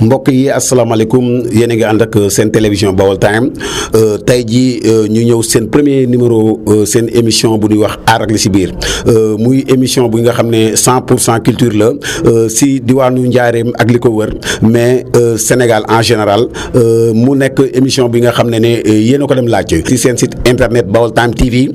mbokk yi asalaamaaleykum yéen a ngi ànd ak euh, seen télévision Baol Time euh, tey jii euh, ñu ñëw seen premier numéro seen émission bu ñuy wax aar ak si biir muy émission bu nga xam ne 100 cent culture la si diwaanu Njaareem ak ko wër mais Sénégal en général mu nekk émission bi nga xam ne ne yéen ko dem laaj si seen sit internet Baol Time TV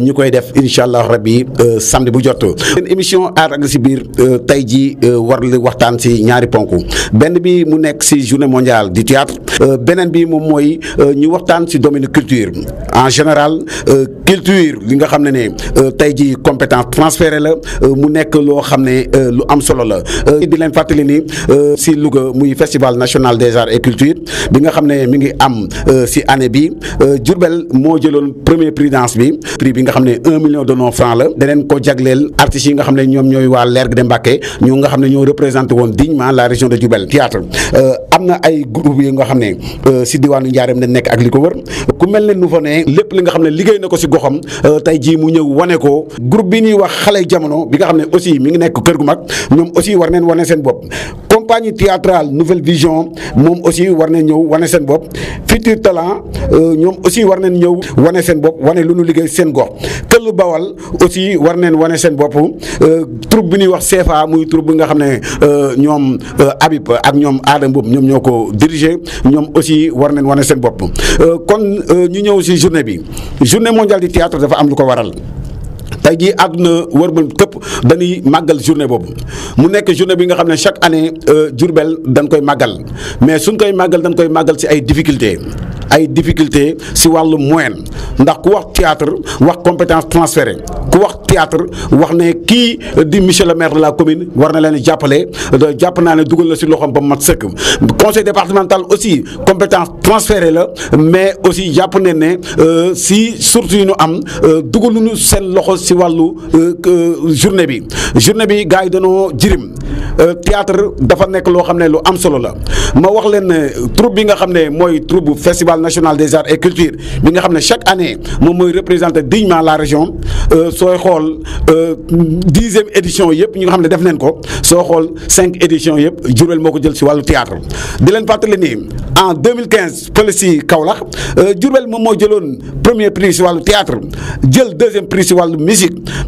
ñu koy def incha allah rabbi samedi bu jot seen émission aar ak li si biir tey jii war li waxtaan si ñaari ponk benn bi mu nekk si journée mondiale du théâtre euh, beneen bi moom mooy euh, ñu waxtaan si domaine culture en général euh, culture li nga xam ne ne tey ji compétence transférée la mu nekk loo xam ne lu am solo la di leen fàttali ni si Louga muy festival national des arts et bi nga xam ne mi ngi am si année bi Diourbel moo jëloon premier prix danse bi bi nga xam ne un million de nos francs la daneen ko jagleel artistes yi nga xam ne ñoom ñooy waa Lergue de Mbacké ñoo nga xam ne ñoo représenté woon dignement la région de Diourbel théâtre Euh, am na ay groupe yi nga xam ne euh, si diwaanu Njaareem la nekk ak li ko wër ku mel ne Nouveau-Né lépp li nga xam ne liggéey na ko si goxam euh, tey ji mu ñëw wane ko group bi ñuy wax xale jamono bi nga xam ne aussi mi ngi nekk kër gu mag ñoom aussi war neen wane seen bopp compagnie théâtrale Nouvelle Vision moom aussi war na ñëw wane seen bopp Futur Talent ñoom aussi war nañ ñëw wane seen bopp wane lu ñu liggéey seen gox këllu bawal aussi war ne wane seen bopp troupe bi ñuy wax CFA muy troupe bi nga xam ne ñoom Habib ak ñoom aada boobu ñoom ñoo ko diriger ñoom aussi war nañ wane seen bopp euh, kon euh, ñu ñëw si journée bi journée mondiale du théâtre dafa am lu ko waral tey jii àdduna wërbal këpp dañuy màggal journée boobu mu nekk journée bi nga xam ne chaque année euh, Diourbel dañ koy màggal mais suñ koy màggal dañ koy màggal si ay difficultés ay difficultés si wàllu moyen ndax ku wax théâtre wax compétence transférée ku wax théâtre wax ne kii di monsieur le maire la commune war na leen jàppale jàpp naa ne dugal na ci loxoom ba mat sëkk conseil départemental aussi compétence transférée la mais aussi jàpp ne ne euh, si surtout yu ñu am euh, dugaluñu seen loxo ci wàllu euh, journée bi journée bi gars yi dañoo jirim euh, théâtre dafa nekk loo xam ne lu am solo la moo wax leen ne troupe bi nga xam ne mooy troupe festival national des arts et culture bi nga xam ne chaque année moom mooy représenté dignement la région euh, sooy xool dixième édition yëpp ñi nga xam ne def neen ko soo xool cinq éditions yëpp Diourbel moo ko jël si wàllu théâtre di leen fàttali ni en 2015 fële si Kaolack Diourbel moom mooy jëloon premier prix si wàllu théâtre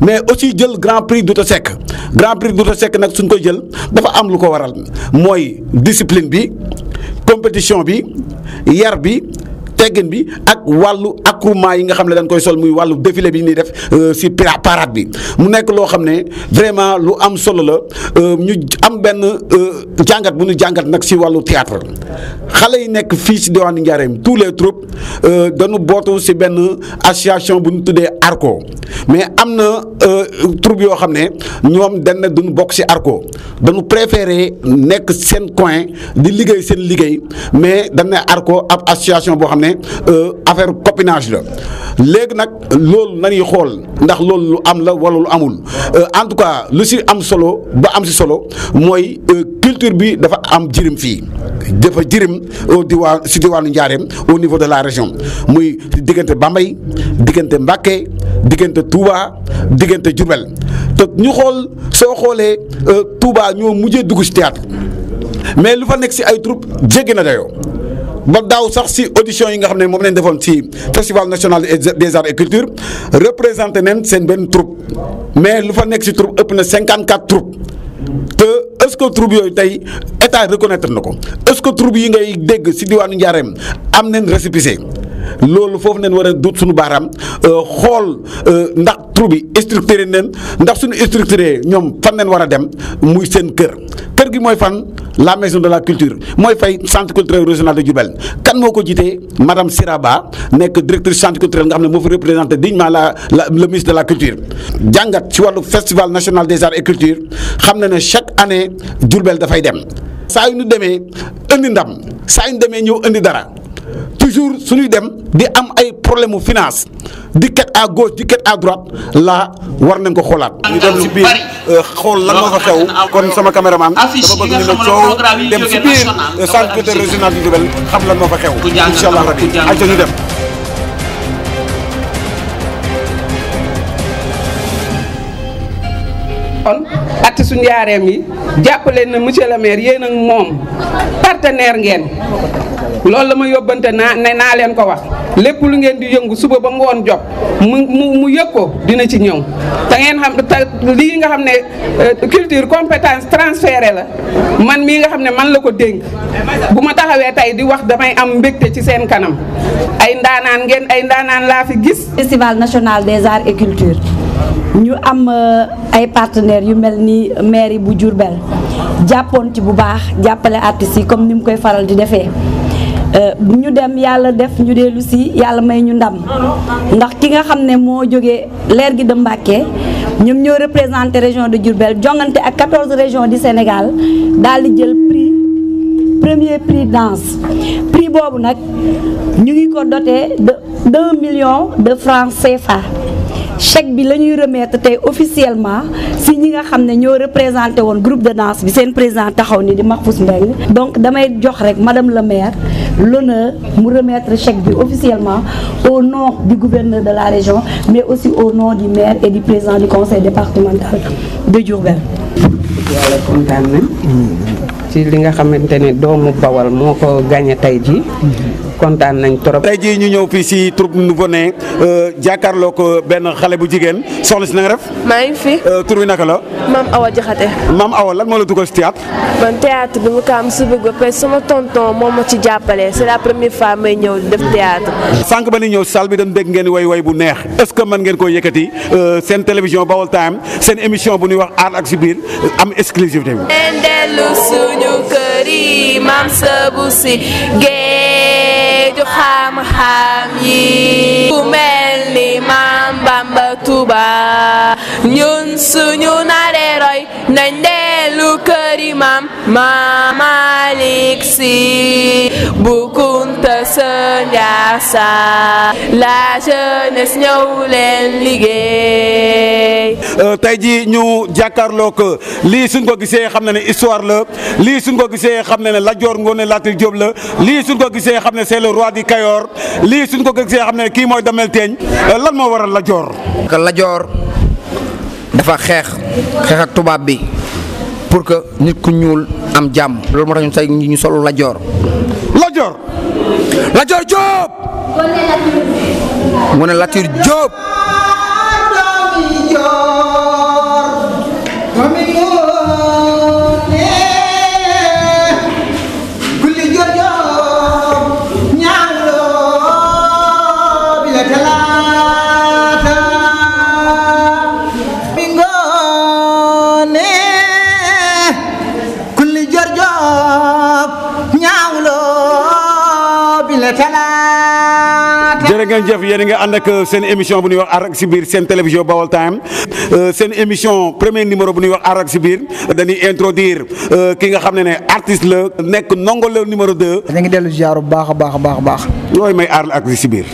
mais aussi jël grand prix Douta Seck grand prix Douta Seck nag suñ ko jël dafa am lu ko waral mooy discipline bi compétition bi yar bi teggin bi ak wàllu accoutrement yi nga xam ne dañ koy sol muy wàllu défilé bi ñuy def euh, si parade bi mu nekk loo xam ne vraiment lu am solo la euh, ñu am benn euh, jàngat bu ñu jàngat nag si wàllu théâtre xale yi nekk fii si diwaanu Njaareem tous les troupes dañu bootu si benn association bu ñu tuddee ARCO mais am na troupe yoo xam ne ñoom dañ ne duñu bokk si ARCO dañu préféré nekk seen coin di liggéey seen liggéey mais dañ ne ARCO ab association boo xam ne ne euh, affaire copinage la léegi nag loolu nañuy xool ndax lool lu am la wala lu amul euh, en tout cas lu si am solo ba am si solo mooy euh, culture bi dafa am jirim fii dafa jirim au diwaan si diwaanu Njaareem au niveau de la région muy diggante bambay diggante mbakke diggante Touba diggante Diourbel te ñu xool soo xoolee Touba ñoo mujjee dugg si théâtre mais lu fa nekk si ay troupe jéggi na dayoo ba daaw sax si audition yi nga xam ne moom lañ defoon si festival national des arts et culture représenté nañ seen benn troupe mais lu fa nekk si troupe ëpp na 54 troupes te est-ce que troupe yooyu tey état reconnaître na ko est-ce que troupe yi ngay dégg si diwaanu Njaareem am nañ récépissé loolu foofu neen war a dut suñu baaraam euh, xool euh, ndax troupe bi structuré neen ndax suñu structuré ñoom fan neen war a dem muy seen kër kër gi mooy fan. la maison de la culture mooy fay centre culturel régional de Diourbel kan moo ko jiitee madame Siraba nekk directrice centre culturel nga xam ne moo fi représenté dignement la le ministre de la culture jàngat ci wàllu festival national des arts et culture xam na ne chaque année Diourbel dafay dem saa nu demee indi ndam saa yu ñu demee ñëw indi dara toujours suñuy dem di am ay problème mu finance di ket à gauche di ket droite la war nañ ko xoolaat. ñu dem ci biir euh, xool lan moo fa xew kon sama caméraman dafa bëgg ñu ne coow dem ci biir euh, centre régional du Diourbel xam lan moo fa xew incha allah rabbi ayca su njaareem yi. jàpp leen ne monsieur le maire yéen ak moom partenaire ngeen loolu la ma yóbbante naa ne naa leen ko wax lépp lu ngeen di yëngu suba ba ngoon jot mu mu mu yëg ko dina ci ñëw te ngeen xam te lii nga xam ne euh, culture compétence transféré la man mii nga xam ne man la ko dénk bu ma taxawee tey di wax damay am mbégte ci seen kanam ay ndaanaan ngeen ay ndaanaan laa fi gis. festival national des arts et culture. ñu am euh, ay partenaires yu mel ni mairie bu Diourbel jàppoon ci bu baax jàppale artistes yi comme ni mu koy faral di defee euh, ñu dem yàlla def ñu dellu si yàlla may ñu ndam ndax ki nga xam ne moo jóge leer gi de Mbacké ñoom ñoo représenté région de Diourbel jongante ak 14 région di Sénégal daal di jël prix premier prix danse prix boobu nag ñu ngi ko doté de 2 millions de francs CFA. chèque bi la ñuy remettre tey officiellement si ñi nga xam ne ñoo représenté woon groupe de danse bi seen président taxaw ni di max Mahfous Mbengue donc damay jox rek madame le maire l'honneur mu remettre chèque bi officiellement au nom du gouverneur de la région mais aussi au nom du maire et du président du conseil départemental de Diourbel. yàlla hmm. ci li nga xamante ne doomu Bawal moo ko gagné tey ji hmm. kontaan nañ trop. tey jii ñu ñëw fii si troupe nouveau-né euh, jàkkaarloo ko benn xale bu jigéen soxna si na nga def. maa ngi fi. Euh, tur wi naka la. maam Awa Jaxate. mam Awa lan moo la dugal si théâtre. man théâtre bi mu ko am suba ba ma ci jàppale c'est la première fois ñëw def ba ni ñëw salle bi dañ dégg ngeen way way bu neex est-ce que mën ngeen koo yëkkati euh, seen télévision Baol Time seen émission bu ñuy wax aar ak si biir am exclusivité bi. leen dellu suñu nitu xam-xam yi ku mel ni Maam Bamba Tuuba ñun suñu naree roy nañ imam Malik Si bu Kunta sa Ndiassane la jeunesse ñëw liggéey. Euh, tey jii ñu jàkkaarloo ko lii suñ ko gisee xam ne ne histoire la lii suñ ko gisee xam ne ne Lat Joor Ngoone Latir Jóob la lii suñ ko gisee xam ne c'est le roi du Kayoor lii suñ ko gisee xam ne kii mooy Damel Teeñ euh, lan moo waral Lat Joor. que dafa xeex xeex tubaab bi. pour que nit ku ñuul am jàmm loolu moo tax ñu tey ñu solu Latjoor Jóob mu ne Jóob ngeen jëf yéen a ngi ànd ak euh, seen émission bu ñuy wax aar ak si biir seen télévision Baol Time euh, seen émission premier numéro bu ñuy wax aar ak si biir dañuy introduire euh, ki nga xam ne ne artiste la nekk ndongo la numéro 2. da ngi dellu ziar bu baax a baax a baax a baax. looy may aar ak si biir.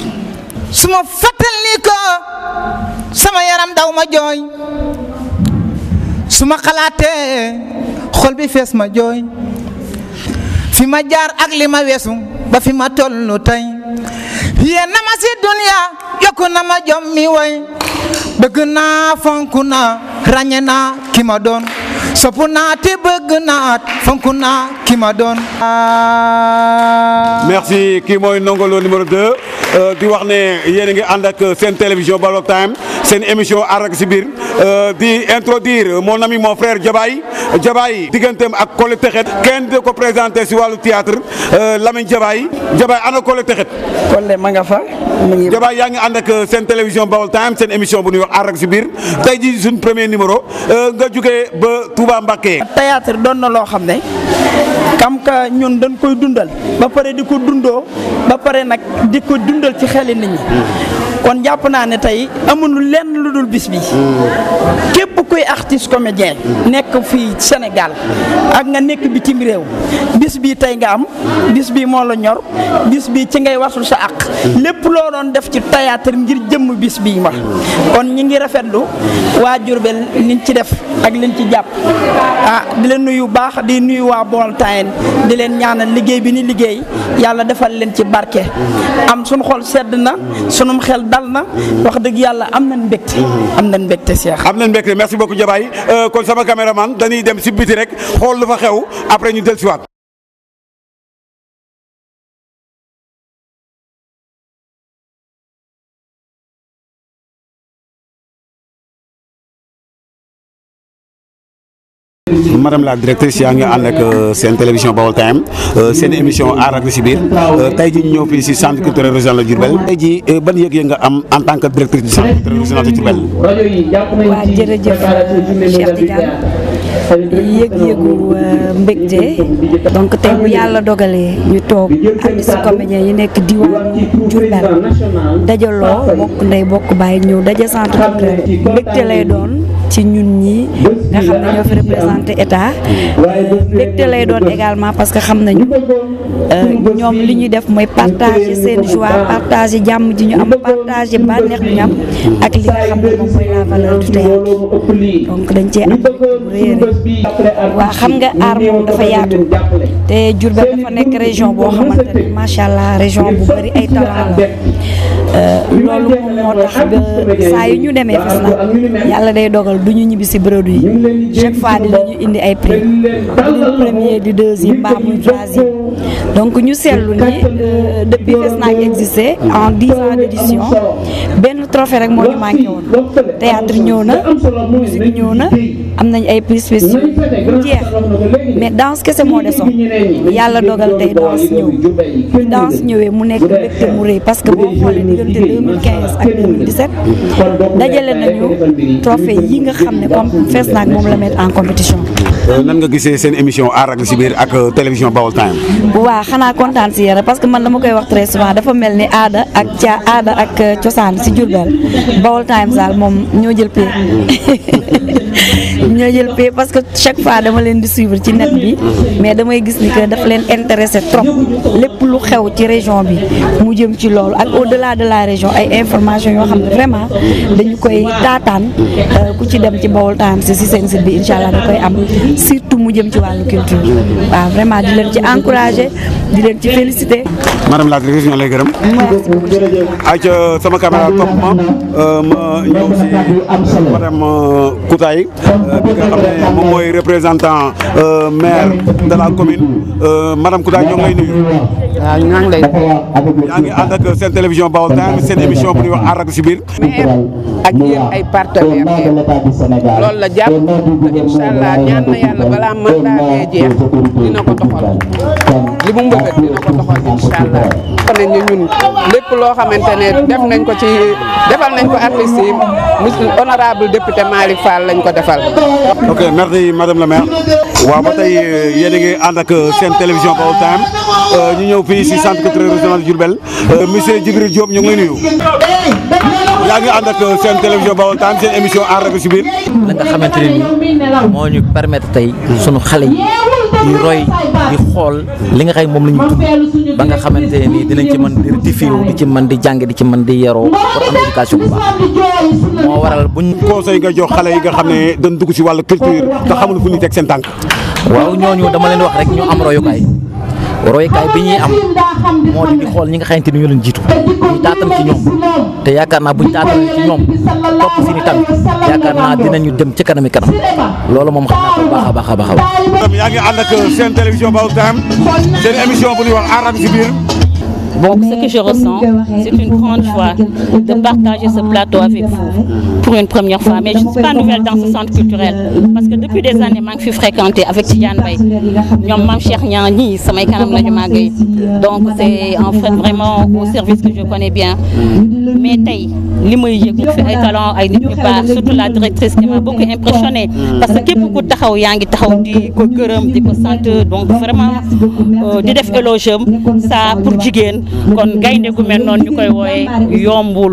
su ma fàttali ko sama yaram daw ma jooy su ma xalaatee xol bi fees ma jooy fi ma jaar ak li ma weesu ba fi ma toll tey. ma si dunya yokku na ma jom way bëgg naa fonk naa ràññe naa ki ma doon soppu naa te bëgg naa fonk naa ki ma doon. merci kii mooy Ndongo numéro 2 euh, di wax ne yéen a ngi ànd ak seen télévision Balok Time seen émission aar ak si biir euh, di introduire mon ami mon frère Jabaay Jabaay digganteem ak Collé Texet kenn ko présenté si wàllu théâtre euh, Lamine Jabaay Jabaay ana Collé Texet. Kolle ma nga fa. mu ngi yaa ngi ànd ak euh, seen télévision Baol Times seen émission bu ñuy wax aar ak si biir tey jii suñ premier numéro euh, nga jógee ba Touba Mbacké. théâtre doon na loo xam ne kam ka ñun dañ koy dundal ba pare di ko dundoo ba pare nag di ko dundal ci xeli nit ñi. kon jàpp naa ne tey amul lenn lu dul bis bi képp kuy artiste comédien nekk fii senegal ak nga nekk bitim réew bis bi tey nga am bis bi moo la ñor bis bi ci ngay wasul sa àq lépp loo doon def ci théâtre ngir jëmm bis bi ma kon ñi ngi rafetlu waa Jurbel liñ ci def ak liñ ci jàpp ah di leen nuyu baax di nuyu waa Baol Times di leen ñaanal liggéey bi ni liggéey yàlla defal leen ci barke am sunu xol sedd na sunum xel dal na wax dëgg yàlla am nañ mbégte am nañ mbégte Cheikh am nañ mbégte merci beaucoup Jabaay euh, kon sama caméraman dañuy dem si biti rek xool lu fa xew après ñu dellusiwaat madame la directrice yaa ngi ànd ak euh, seen télévision Baol Time euh, seen émission aar ak li si biir euh, tey ñëw fii si centre culturel régional de Diourbel tey jii ban yëg-yëg nga am en tant que directrice du centre culturel régional de Diourbel. waaw jërëjëf Cheikh yëg-yëgu euh, mbégte donc tey bu yàlla dogalee ñu toog artiste comédien yi nekk diwaanu Diourbel dajaloo bokk ndey bokk bàyyi ñëw daje centre culturel mbégte lay doon ci ñun ñi nga xam doon également parce que xam nañu euh, ñoom li ñuy def mooy partager seen joie partager jàmm ji ñu am partager bànneex bi ak li nga xam ne moom mooy la valeur du théâtre donc dañ cee am rëy waaw xam nga aar moom dafa yaatu te Diourbel dafa nekk région boo xamante ne macha allah région bu bëri ay talent la Euh, loolu moom moo tax saa yu ñu demee fas nag yàlla day dogal du ñu ñibbi si produit yi chaque fois dinañu indi ay prix du premier di deuxième mbaa muy troisième donc ñu seetlu ni euh, depuis Fesnac existé en dix ans d'édition benn trophée rek moo ñu manqué woon théâtre ñëw na musique ñëw na am nañ ay prix spéciaux bu jeex mais danse kese moo desoon yàlla dogal tey danse ñëw danse ñëwee mu nekk mbégte mu rëy parce que boo xoolee diggante 2015 ak 2017 dajale nañu trophée yi nga xam ne comme fees naag moom la mettre en compétition Euh, nan nga gisee seen émission aar ak si biir ak euh, télévision Baol Time. waa xanaa kontaan si yéen parce que man dama koy wax très souvent dafa mel ni aada ak caa aada ak euh, cosaan si Diourbel Baol Time saal moom ñoo jël pay ñoo jël pay parce que chaque fois dama leen di suivre ci net bi mais damay gis ni que dafa leen intéressé trop lépp lu xew ci région bi mu jëm ci loolu ak au delà de la région ay information yoo xam ne vraiment dañu koy taataan ku ci dem ci bowl Time si seen site incha allah da koy surtout mu jëm ci wàllu culture waaw vraiment di leen ci encouragé di leen ci félicité. madame la directrice ñoo lay gërëm. sama caméra topp ma euh, ma ñëw madame euh, Koutaye euh, bi mooy représentant maire de la commune madame Koutaye ñoo nuyu. waaw ñu ngi lay. yaa ngi ànd ak seen télévision Baol Times seen émission bu ñuy wax aar ak si biir. maire ay partenaires la jàpp incha allah ñaan na yàlla balaa mandat bee jeex dina ko doxal li mu mbëbët dina ko doxal incha allah. kon ñun lépp loo xamante ne def nañ ko ci defal nañ ko artiste yi honorable député Malick Fall lañ ko defal. ok merci madame la maire. waaw ba tey yéen a seen télévision Baol Times ñu ñëw. toog fii si centre culturel régional de Diourbel euh, monsieur Djibril Diop ñu ngi lay nuyu. yaa ngi ànd ak euh, seen télévision Baol Times seen émission aar rek si biir. la nga xamante ne nii moo ñu permettre tey sunu xale yi. di roy di xool li nga xam moom la nga xamante ne nii dinañ ci mën di rectifier di ci man di jàng di ci man di yaroo pour am éducation bu baax moo waral buñ conseil nga jox xale yi nga xam ne dañ dugg si wàllu culture te xamul fu ñu teg seen tànk waaw ñoo ñooñu dama leen wax rek ñu am royukaay royukaay bi ñuy am moo di di xool ñi nga xamante ni ñoo leen jiitu ñu taatan ci ñoom te yaakaar naa buñ taatan ci ñoom topp si ni tam yaakaar naa dinañu dem ci kanami kanam loolu moom xam naa ko baax a baax a baax a baax. yaa ngi ànd ak seen télévision Baol Times seen émission bu ñuy wax aram ci Donc, ce que je ressens, c'est une grande joie de partager ce plateau avec vous pour une première fois. Mais je ne suis pas nouvelle dans ce centre culturel euh, parce que depuis des années, je fréquentée avec Tidiane Bay. Euh, donc, c'est en fait vraiment au service que je connais bien. Mais li may yëg mu fi ay talent ay nit ñu surtout la directrice qui m'a beaucoup impressionné parce que képp ku taxaw yaa ngi taxaw di ko gërëm di vraiment euh, di def éloge am ça pour kon gaynde gu mel noonu ñu koy wooye yombul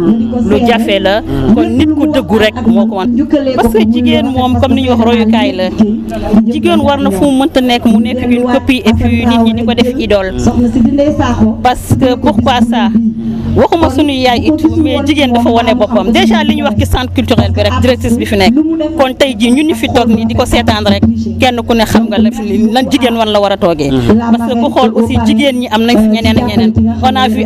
lu jafe la kon nit ku dëggu rek moo ko man parce jigéen moom comme ni ñuy wax royukaay la jigéen war na fu mu mënta nekk mu nekk une copie et puis nit ñi di ko def idole parce que pourquoi ça waxuma suñu yaay it mais jigéen dafa wane boppam déjà li ñu wax ci centre culturel bi rek directrice bi fi nekk kon tey jii ñun ñu fi toog nii di ko seetaan rek kenn ku ne xam nga la fi lan jigéen wan la war a toogee mm-hmm. parce que ku xool aussi jigéen ñi am nañ fi ñeneen ñeneen on a vu